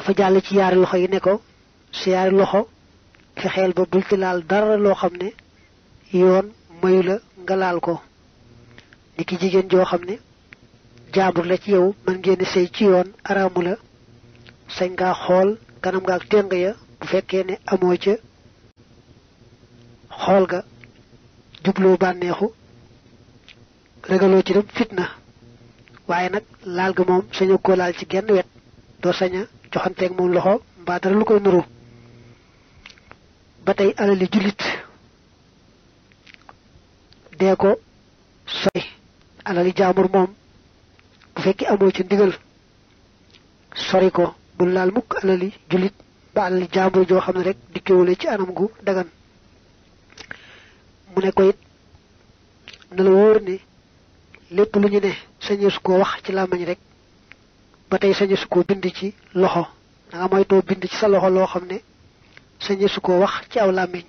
dafa jàll ci yaari loxo yi ne ko si yaari loxo fexeel ba bul ci laal dara loo xam ne yoon mayu nga laal ko ni jigéen joo xam ne jaabur la ci yow mën ngeen sëy ci yoon araamu la sañ ngaa xool kanam nga ak téng ya bu fekkee ne amoo ca xool ga jubloo bànneexu ragaloo ci dem fitna waaye nag laal ga moom sañoo ko laal ci genn wet doo saña joxante ak mom loxo ba dara lu koy nuru batay alali julit de ko soy alali jamur mom bu fekki amo ci digal sori ko bu laal mukk alali julit ba alali jamur jo xamne rek wolé ci anam gu dagan mu ne ko it na la ne lepp lu ñu ne ko wax ci rek ba tey sañesu koo bind ci loxo da nga moytoo bind ci sa loxo loo xam ne sañesu koo wax ci aw làmmiñ